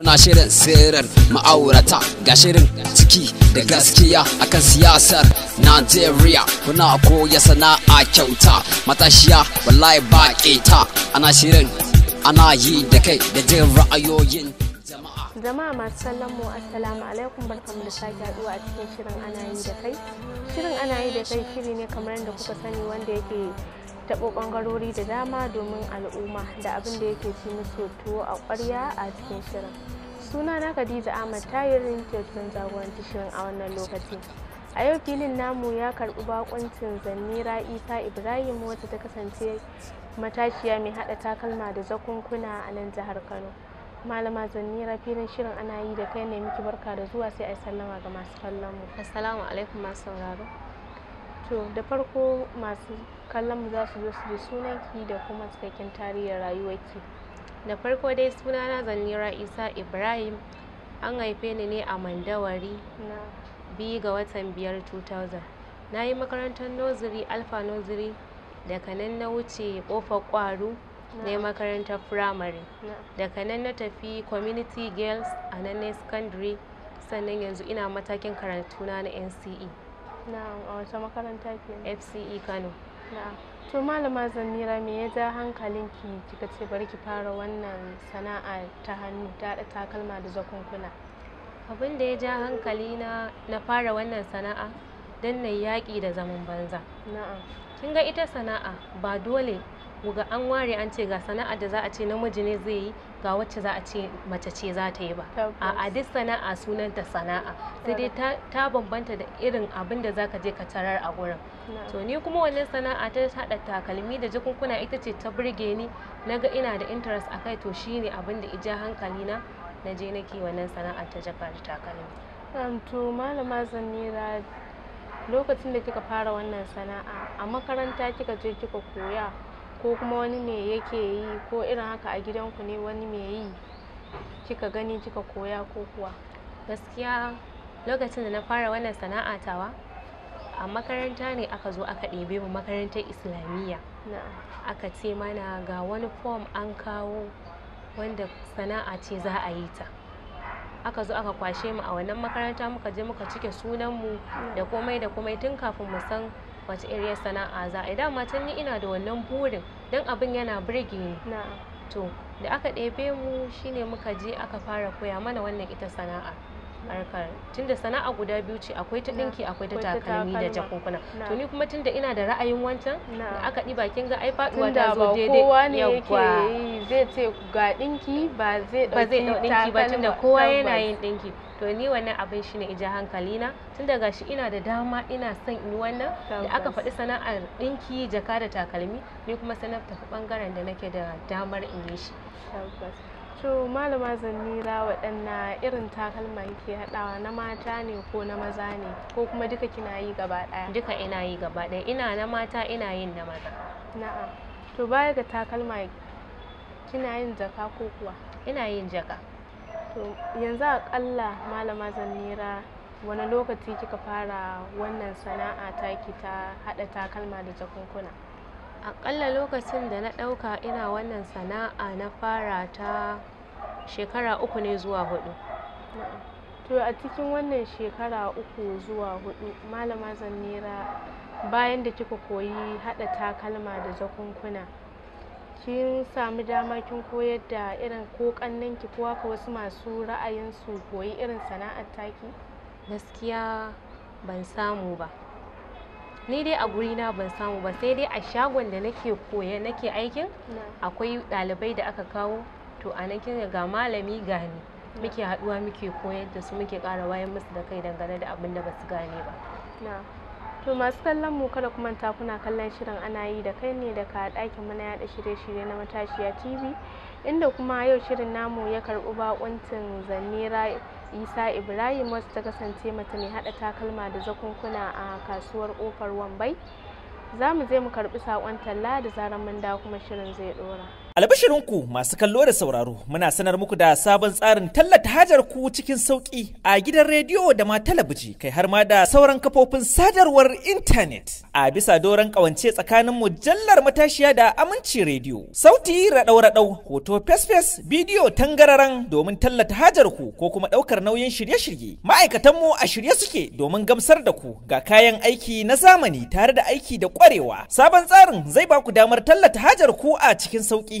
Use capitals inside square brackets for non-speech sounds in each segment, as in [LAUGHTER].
na shirin sirrin ma'aurata ga shirin ciki da gaskiya a kan siyasar Najeriya kuna koya sana'a kyauta matashiya wallahi ba ta ana shirin ana yi da kai da jin ra'ayoyin jama'a jama'a masu sallan mu assalamu alaikum barkamu da sake haduwa a cikin shirin ana yi da kai shirin ana yi da kai shiri ne kamar yadda kuka sani wanda yake taɓo ɓangarori da dama domin al'umma da abin da yake ci musu tuwo a ƙwarya a cikin shirin suna na khadija ahmad ta yi sun jagoranci shirin a wannan lokaci a yau filin namu ya karɓi bakuncin zannira isa ibrahim wata ta kasance matashiya mai haɗa takalma da zakunkuna a nan jihar kano malama zannira filin shirin ana yi da kai ne miki barka da zuwa sai a yi sallama ga masu kallon mu assalamu alaikum masu sauraro to da farko masu kallon mu za su zo su ji ki da kuma cikakken tarihin rayuwarki da farko dai sunana zanira isa ibrahim an haife ni ne a mandawari biyu ga watan biyar 2000 na yi makarantar nursery alfa nursery daga nan na wuce kofar kwaro na makarantar firamare daga nan na tafi community girls a nan na secondary sannan yanzu ina matakin karatuna na nce na a wata makaranta fce kano to malama zamira me ya ja hankalinki kika ce bari ki fara wannan sana'a ta hannu ta da takalma da zakunkuna abin da ya ja hankali na na fara wannan sana'a don nayi yaƙi da zaman banza na'am kin ga ita sana'a ba dole ga an ware an ce ga sana'a da za a ce namiji ne zai yi ga wacce za a ce mace ce za ta yi ba a duk sana'a sunan sunanta sana'a sai dai ta bambanta da irin abin da za je ka tarar a gurin to ni kuma wannan sana'a ta haɗa takalmi da jakunkuna ita ce ta burge ni na ina da interest a kai to shine abin da ija hankali na na je nake wannan sana'a ta jaka da takalmi to malama zanira lokacin da kika fara wannan sana'a a makaranta kika je kika koya ko kuma wani me yake yi ko irin haka a gidan ku ne wani mai yi kika gani kika koya ko kuwa gaskiya lokacin da na fara wannan sana'a tawa a makaranta ne aka zo aka ɗebe mu makarantar islamiyya aka ce mana ga wani fom an kawo wanda sana'a ce za a yi ta aka zo aka kwashe mu a wannan makaranta muka je muka cike sunan mu da komai da komai tun kafin mu san wace iriyar sana'a za a yi dama tun ni ina da wannan burin don abin yana birge ni to da aka ɗebe mu shine muka je aka fara koya mana wannan ita sana'a tun tunda sana'a guda biyu ce akwai ta ɗinki akwai ta takalmi da jakunkuna to ni kuma tunda ina da ra'ayin wancan da aka ɗi bakin ga ai faɗuwa ta zo daidai kowa ne yake zai ce ga ɗinki ba zai ɗauki ba tunda kowa yana yin ɗinki. to ni wannan abin shine ija hankali na tun daga shi ina da dama ina son in wannan da aka faɗi sana'ar ɗinki jaka da takalmi ni kuma sanar tafi ɓangaren da nake da damar in yi shi to malama zannira waɗanna irin takalma ke haɗawa na mata ne ko na maza ne ko kuma duka kina yi gaba ɗaya duka ina yi gaba ɗaya ina na mata ina yin na maza na'am to baya ga takalma kina yin jaka ko kuwa ina yin jaka To yanzu aƙalla Malama Zanira wani lokaci kika fara wannan sana'a taki ta haɗa takalma da jakunkuna? Aƙalla lokacin da na ɗauka ina wannan sana'a na fara ta shekara uku ne zuwa huɗu. To a cikin wannan shekara uku zuwa huɗu Malama Zanira bayan da kika koyi haɗa takalma da jakunkuna kin sami dama kin koyar da irin ko ki ko haka wasu masu ra'ayin su koyi irin sana'ar taki gaskiya ban samu ba ni dai a na ban samu ba sai dai a shagon da nake koya nake aikin akwai ɗalibai da aka kawo to a nan kin ga malami ga muke haɗuwa muke koyar da su muke ƙara wayan musu da kai dangane da abin da basu gane ba to masu kallon mu kada kuma ta kuna kallon shirin ana yi da kai ne daga ɗakin mana yaɗa shirye-shirye na matashiya tv inda kuma yau shirin namu ya karɓi bakuntin zanera isa ibrahim wasu ta kasance mata mai haɗa takalma da zakunkuna a kasuwar ƙofar wambai za mu je mu karɓi saƙon talla da zarar mun dawo kuma shirin zai ɗora Albashirinku masu kallo da sauraro muna sanar muku da sabon tsarin tallata hajar ku cikin sauki a gidan rediyo da ma talabiji kai har ma da sauran kafofin sadarwar intanet a bisa doron kawance tsakanin mujallar matashiya da aminci rediyo sauti raɗau-raɗau hoto fesfes bidiyo tangararan domin tallata hajar ku ko kuma ɗaukar nauyin shirye-shirye ma'aikatan mu a shirye suke domin gamsar da ku ga kayan aiki na zamani tare da aiki da ƙwarewa sabon tsarin zai ba ku damar tallata hajar ku a cikin sauki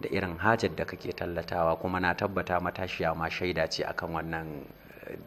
da irin hajar da kake tallatawa kuma na tabbata matashiya ma shaida ce akan wannan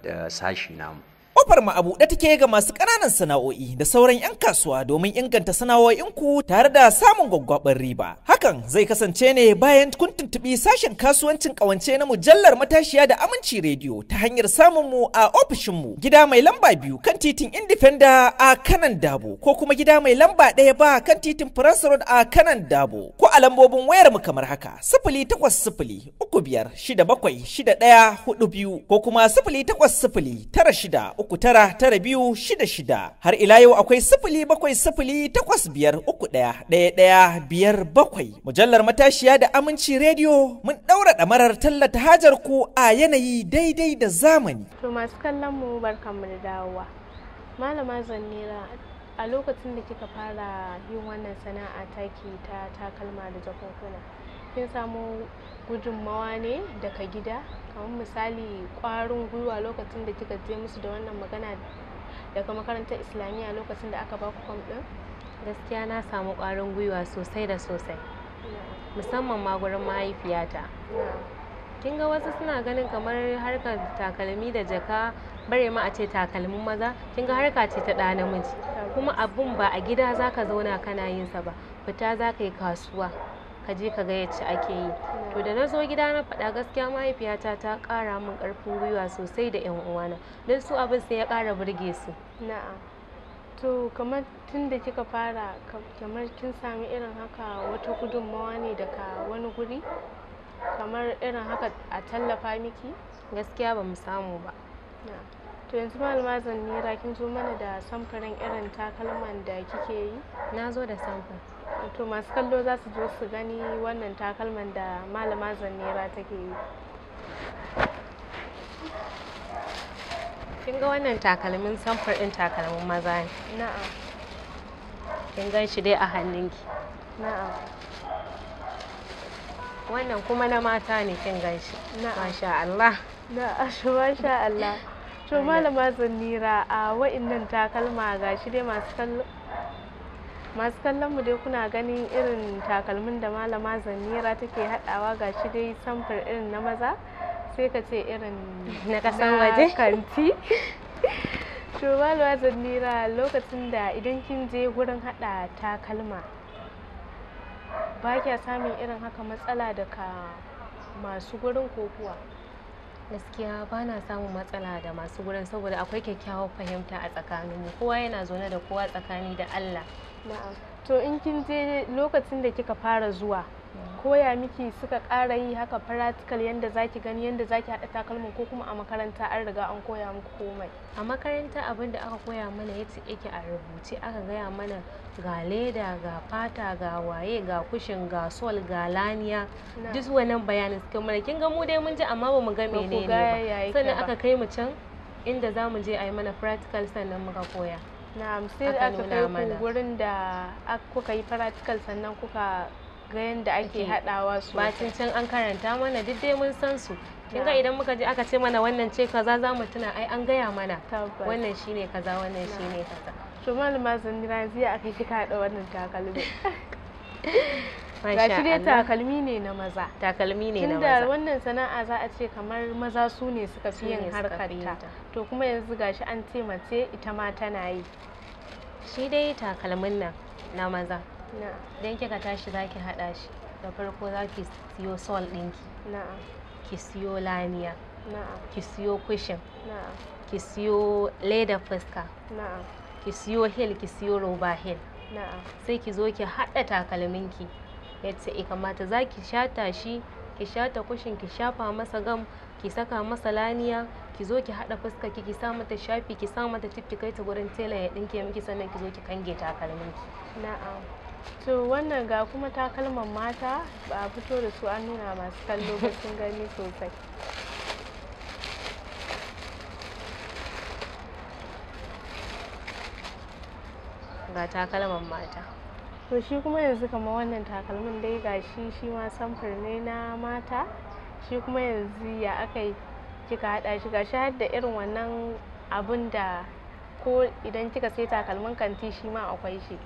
eh, sashi namu kofar ma'abu a buɗe take ga masu ƙananan sana'o'i da sauran 'yan kasuwa domin inganta sana'o'inku tare da samun gwaggwabar riba hakan zai kasance ne bayan kun tuntubi sashen kasuwancin kawance na mujallar matashiya da aminci rediyo ta hanyar samunmu a ofishinmu gida mai lamba biyu kan titin indifenda a kanan dabo ko kuma gida mai lamba ɗaya ba kan titin france road a kanan dabo ko a lambobin wayar mu kamar haka sifili takwas sifili uku biyar shida bakwai shida ɗaya hudu biyu ko kuma sifili takwas sifili tara shida uku tara tara biyu shida shida har ila yau akwai sifili bakwai sifili takwas biyar uku ɗaya ɗaya ɗaya biyar bakwai Mujallar matashiya da aminci rediyo mun ɗaura ɗamarar tallata hajar ku a yanayi daidai da zamani. To masu kallon mu barkanmu da dawowa. Malama Zannira a lokacin da kika fara yin wannan sana'a taki ta takalma da jakunkuna kin samu gudunmawa ne daga gida kamar misali ƙwarin gwiwa lokacin da kika je musu da wannan magana daga makarantar islamiyya lokacin da aka baku kwam ɗin gaskiya na samu ƙwarin gwiwa sosai da sosai musamman ma gurin mahaifiyata kin ga wasu suna ganin kamar harkar takalmi da jaka bare ma a ce takalmin maza kin ga harka ce ta ɗa namiji kuma abun ba a gida za ka zauna kana yin sa ba fita za ka yi kasuwa ka je ka ga yacce ake yi to da na zo gida na faɗa gaskiya mahaifiyata ta ƙara min ƙarfin gwiwa sosai da 'yan uwana don su abin sai ya ƙara burge su na'am to kamar tun da kika fara kamar kin sami irin haka wata gudunmawa ne daga wani guri kamar irin haka a tallafa miki gaskiya ba mu samu ba to yanzu malama nera kin zo mana da samfurin irin takalman da kike yi na zo da samfur to masu kallo za su zo su gani wannan takalman da malama zannera take yi kin ga wannan takalmin samfur ɗin takalmin maza ne na'am kin gan shi dai a hannunki na'am wannan kuma na mata ne kin gan shi masha Allah na'am [LAUGHS] masha Allah to malama zannira a wa'innan takalma ga shi dai masu kallon masu kallon mu dai kuna ganin irin takalmin da malama zannira take haɗawa ga shi dai samfur irin na maza sai ka ce irin [LAUGHS] na kasan waje [LAUGHS] kanti [LAUGHS] to malama zannira lokacin da idan kin je gurin hada takalma ba kya samun irin haka matsala daga masu gurin kokuwa gaskiya ba na samun matsala da masu gurin saboda akwai kyakkyawar fahimta a tsakaninmu kowa yana zaune da kowa tsakani da allah to in kin je lokacin da kika fara zuwa koya miki suka ƙara yi haka practical yadda zaki gani yadda zaki haɗa takalmin ko kuma a makaranta an riga an koya muku komai a makaranta abin da aka koya mana ya yake a rubuce aka gaya mana ga leda ga fata ga waye ga kushin ga sol ga laniya duk wannan bayanin suka mana kin ga mu dai mun ji amma bamu ga menene ba sannan aka kai mu can inda za mu je a yi mana practical sannan muka koya na'am sai aka kai ku gurin da kuka yi practical sannan kuka ga yadda ake haɗawa su bacin can an karanta mana duk dai mun san su kinga idan muka je aka ce mana wannan ce kaza za mu tuna ai an gaya mana wannan shine kaza wannan shine kaza to malama jira ziya aka kika haɗa wannan takalmi [LAUGHS] Gashi dai takalmi ne na maza. Takalmi ne na maza. Tunda wannan sana'a za a ce kamar maza su ne suka fi yin harkar ta. To kuma yanzu gashi an ce mace ita ma tana yi. Shi dai takalmin nan na maza. idan kika tashi za ki haɗa shi da farko za ki siyo sol ɗinki ki siyo lamiya ki siyo kushin ki siyo leda fuska ki siyo hil ki siyo roba hil sai ki zo ki haɗa takalminki yadda ya kamata za ki shata shi ki shata kushin ki shafa masa gam ki saka masa laniya ki zo ki haɗa fuska ki ki sa mata shafi ki sa mata tif kai ta gurin tela ya ɗinke miki sannan ki zo ki kange takalminki na'am to wannan ga kuma takalman mata ba a fito da su an nuna masu kallo ba sun gani sosai ga takalman mata to shi kuma yanzu kama wannan takalmin dai ga shi shi ma samfur ne na mata shi kuma yanzu ya aka yi kika hada shi ga shi har da irin wannan abun da ko idan kika sai takalmin kanti shi ma akwai shi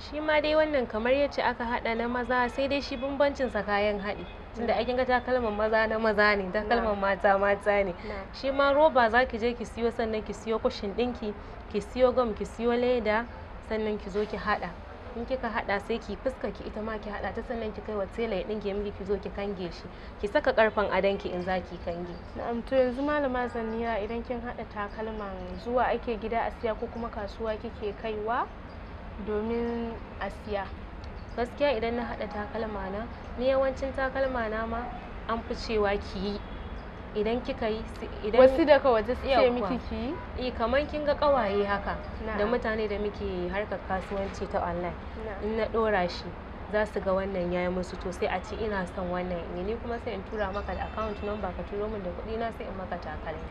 shi ma dai wannan kamar yace aka haɗa na maza sai dai shi bambancin sa kayan haɗi tunda ai kinga takalman maza na maza ne takalman mata mata ne shi ma roba za ki je ki siyo sannan ki siyo kushin ɗinki ki siyo gam ki siyo leda sannan ki zo ki haɗa in kika haɗa sai ki fuska ki ita ma ki hada ta sannan ki kai wa tela ya ɗinke miki ki zo ki kange shi ki saka karfan adanki ki in za ki kange na'am to yanzu malama zanniya idan kin haɗa takalma zuwa ake gida a siya ko kuma kasuwa kike kaiwa domin a siya gaskiya idan na haɗa takalma na ni yawancin takalma na ma an fi cewa ki yi idan kika yi idan wasu daga waje su ce miki ki yi eh, kamar kin ga kawaye haka da mutane da muke harkar kasuwanci ta online in na dora shi za su ga wannan yayi musu to sai a ce ina son wannan in ni kuma sai in tura maka da account number ka turo min da kuɗi na sai in maka takalmi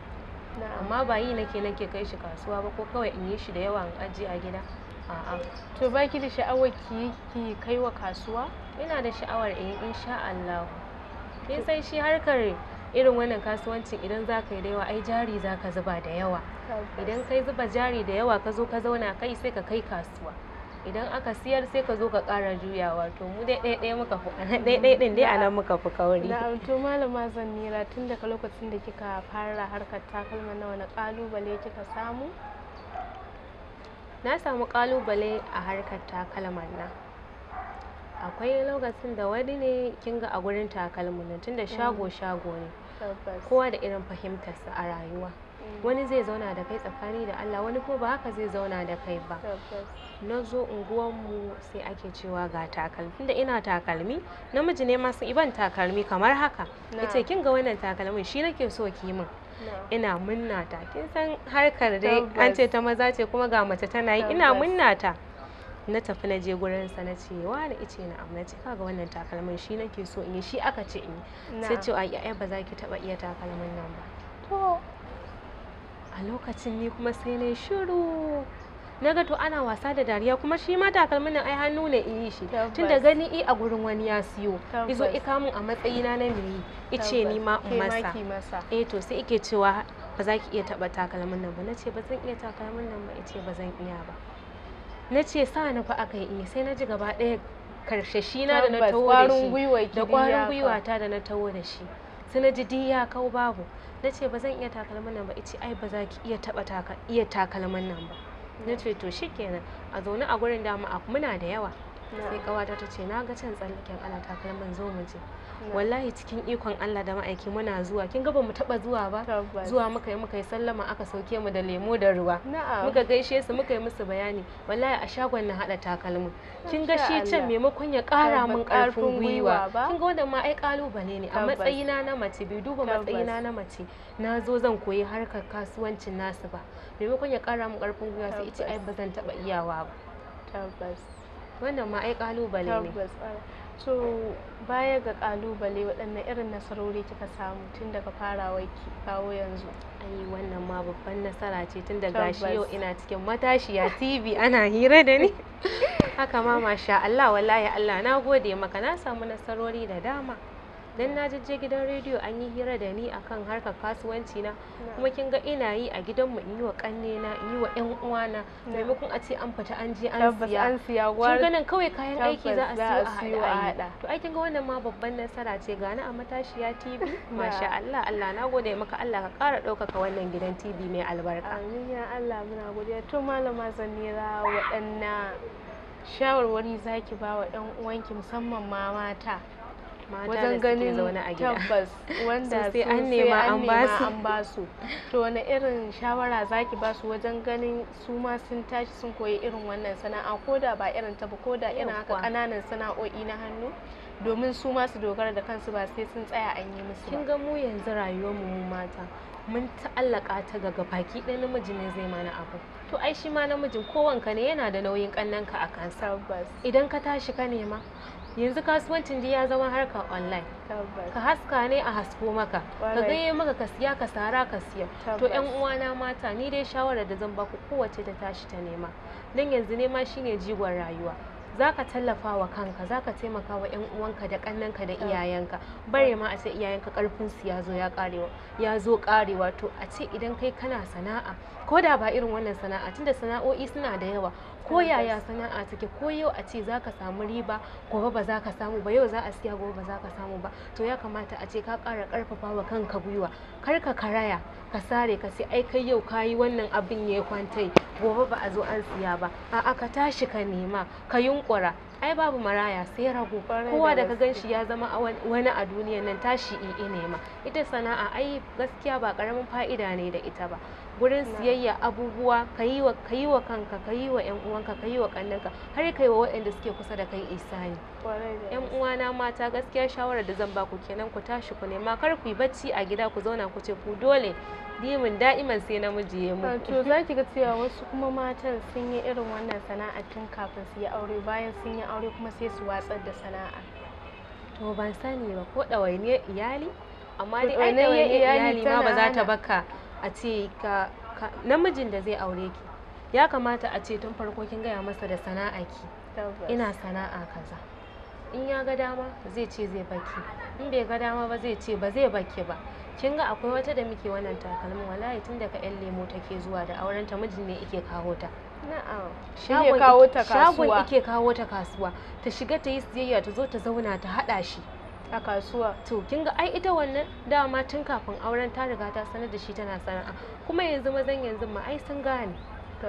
amma ba yi nake nake kai shi kasuwa ba ko kawai in yi shi da yawa in ajiye a gida A'a. To ba da sha'awar ki ki kai wa kasuwa? Ina da sha'awar in in sha Allah. Kin sai shi harkar irin wannan kasuwancin idan za ka yi da yawa ai jari za ka zuba da yawa. Idan kai zuba jari da yawa ka zo ka zauna kai sai ka kai kasuwa. Idan aka siyar sai ka zo ka ƙara juyawa to mu dai ɗaya ɗaya muka fi ɗaya ɗaya ɗin dai anan muka fi kauri. Na'am to malama nira tun daga lokacin da kika fara harkar takalma nawa na ƙalubale kika samu? na samu ƙalubale a harkar takalman nan akwai lokacin da wani ne kinga a gurin takalmin nan tunda shago mm. shago ne kowa da irin fahimtarsa a rayuwa mm. wani zai zauna da kai tsakani da Allah wani ko ba haka zai zauna da kai ba na zo mu sai ake cewa ga takalmi tunda ina takalmi namiji ne masu iban takalmi kamar haka ita kin ga wannan takalmin shi nake so ki min ina munna ta kin san harkar dai an ce ta maza ce kuma ga mace tana yi ina munna ta na tafi na je gurin sa na ce wa na ice na amma ce kaga wannan takalmin shi nake so in yi shi aka ce in yi sai ce ai ai ba za ki taba iya takalmin nan ba to a lokacin ni kuma sai na shiru na ga to ana wasa da dariya kuma shi ma takalmin nan ai hannu ne in yi shi tunda gani i a gurin wani ya siyo izo ika mun a matsayina na i ice ni ma masa eh to sai ike cewa ba za ki iya taba takalmin nan ba na ce ba zan iya takalmin nan ba ice ba zan iya ba na ce sa na fa aka yi sai na ji gaba ɗaya shi na da na taho da shi da kwarin ta da na taho da shi sai na ji di ya kau babu na ce ba zan iya takalmin nan ba ice ai ba za ki iya taba iya takalmin nan ba na ce to kenan a zaune a gurin dama muna da yawa sai kawata ta ce na ga can tsallaken ana takalman zo mu wallahi cikin ikon Allah da ma'aiki muna zuwa kin ga bamu taba zuwa ba zuwa muka yi muka yi sallama aka sauke mu da lemo da ruwa muka gaishe su muka yi musu bayani wallahi a shagon na hada takalmin kin ga shi can maimakon ya kara mun karfin gwiwa kin ga wanda ma ai kalubale ne a matsayina na mace bai duba matsayina na mace na zo zan koyi harkar kasuwancin nasu ba maimakon ya kara mun karfin gwiwa sai ita ai ba zan taba iyawa ba tabbas wannan ma ai kalubale ne to baya ga kalubale waɗannan irin nasarori kika samu tun daga fara kawo yanzu ai wannan ma babban nasara ce tun daga gashi yau ina cikin matashi matashiya tv ana hira da ni [LAUGHS] haka ma masha Allah wallahi Allah na gode maka na samu nasarori da dama dan na je gidan rediyo an yi hira da ni akan harkar kasuwanci na kuma kin ga ina yi a gidanmu in yi wa kanne na yi wa yan uwana maimakon a ce an fita an je an siya an siya kin ganin kawai kayan aiki za a siyo a hada to ai kin ga wannan ma babban nasara ce ga a matashiya TV [LAUGHS] masha Allah Allah na gode maka Allah ka kara ɗaukaka wannan gidan TV mai albarka amin ya Allah muna godiya to malama Zanira waɗannan shawarwari zaki ba wa ɗan uwanki musamman ma mata wajen ganin tabbas wanda sai an nema an ba su to wani irin shawara zaki ba su wajen ganin su ma sun tashi sun koyi irin wannan sana'a ko da ba irin ta ba ko da irin haka kananan sana'o'i na hannu domin su ma su dogara da kansu ba sai sun tsaya an yi musu kin ga mu yanzu rayuwar mu mata mun ta'allaka ta ga baki ɗaya namiji ne zai mana abu to ai shi ma namijin kowanka ne yana da nauyin ka a kansa idan ka tashi ka nema yanzu kasuwancin ji ya zama harka online ka haska ne a hasko maka ka gaye maka ka siya ka sara ka siya to yan uwana mata ni dai shawarar da zan baku kowace ta tashi ta nema don yanzu nema shine jigon rayuwa za ka tallafa wa kanka za ka taimaka wa 'yan uwanka da ƙannenka da iyayenka bare ma a ce iyayenka ƙarfin su ya zo ya ƙarewa ya zo ƙarewa to a ce idan kai kana sana'a ko da ba irin wannan sana'a tunda sana'o'i suna da yawa ko yaya sana'a take ko yau a ce za ka samu riba gobe ba za ka samu ba yau za a siya gobe ba za ka samu ba to ya kamata a ce ka ƙara ƙarfafa wa kanka gwiwa kar ka karaya ka sare ka sai ai kai yau kayi wannan abin ya kwantai gobe ba a zo an siya ba a'a ka tashi ka nema ka yunkura ai babu maraya sai rago kowa da ka gan shi ya zama wani a duniyan nan tashi in nema ita sana'a ai gaskiya ba karamin fa'ida ne da ita ba gurin siyayya abubuwa ka yi wa kanka ka yi wa yan uwanka ka yi wa kannanka har kai wa waɗanda suke kusa da kai isa isani yan uwana mata gaskiya shawarar da zan ba ku kenan ku tashi ku nema kar ku yi bacci a gida ku zauna ku ce ku dole dimin da'iman sai namiji ya mu to za ki ga cewa wasu kuma matan sun yi irin wannan sana'a tun kafin su yi aure bayan sun yi aure kuma sai su watsar da sana'a to ban sani ba ko ɗawainiyar iyali amma dai ai ɗawainiyar iyali ma ba za ta baka a ce ka namijin da zai aure ki ya kamata a ce tun farko kin gaya masa da sana'a ki ina sana'a kaza in ya ga dama zai ce zai baki in bai ga dama ba zai ce ba zai baki ba kin ga akwai wata da muke wannan takalmin wallahi tun daga yan lemo take zuwa da auren ta mijin ne yake kawo ta shagon ike kawo ta kasuwa ta shiga ta yi siyayya ta zo ta zauna ta haɗa shi a kasuwa to kin ga ai ita wannan dama tun kafin auren ta riga ta sanar da shi tana sana'a kuma yanzu mazan yanzu ma ai sun gane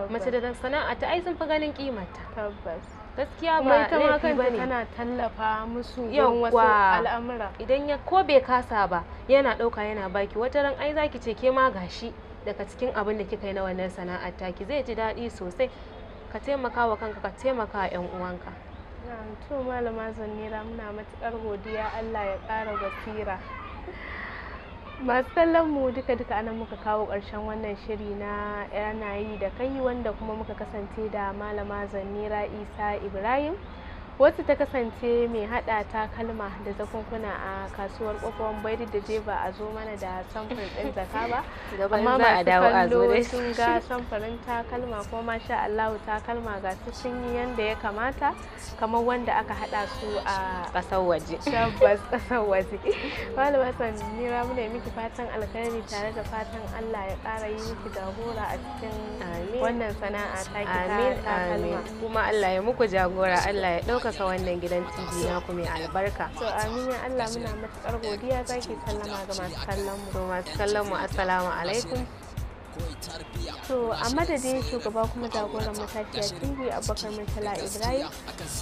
mace da sana'a ta ai sun fi ganin kimata tabbas gaskiya ba ita ma kanta tana tallafa musu wasu al'amura idan ya ko bai kasa ba yana dauka yana baki wata ran ai zaki ce ke ma gashi daga cikin abin da kika yi na wannan sana'ar ki zai ji daɗi sosai ka taimaka wa kanka ka taimaka wa 'yan uwanka to malama zannira muna matukar godiya allah ya ƙara basira masu kallon mu duka duka anan muka kawo ƙarshen wannan shiri na yanayi da kai wanda kuma muka kasance da malama zannira isa ibrahim wacce ta kasance mai hada takalma da zakunkuna a kasuwar kofar bai da jeba a zo mana da samfurin din zaka ba [LAUGHS] amma masu dai sun ga samfurin takalma ma sha Allah takalma ga su sun yi yanda ya kamata kamar wanda aka hada su a kasar waje tabbas kasar waje malam Hassan ni mu ne miki fatan alkhairi tare da fatan Allah ya kara yi miki jagora a cikin wannan sana'a ta ki ta takalma kuma Allah ya muku jagora Allah ya dauka haɓaka wannan gidan tv na ku mai albarka to Amina allah muna matuƙar godiya zaki sallama ga masu kallon mu masu kallon mu assalamu alaikum to a madadin shugaba kuma jagoran matashiya tv abubakar murtala ibrahim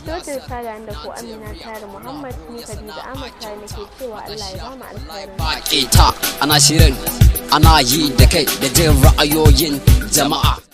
dodin sada da ko amina tare muhammad ni da ahmad ne nake cewa allah ya bamu alkhairin ana shirin ana yi da kai da jin ra'ayoyin jama'a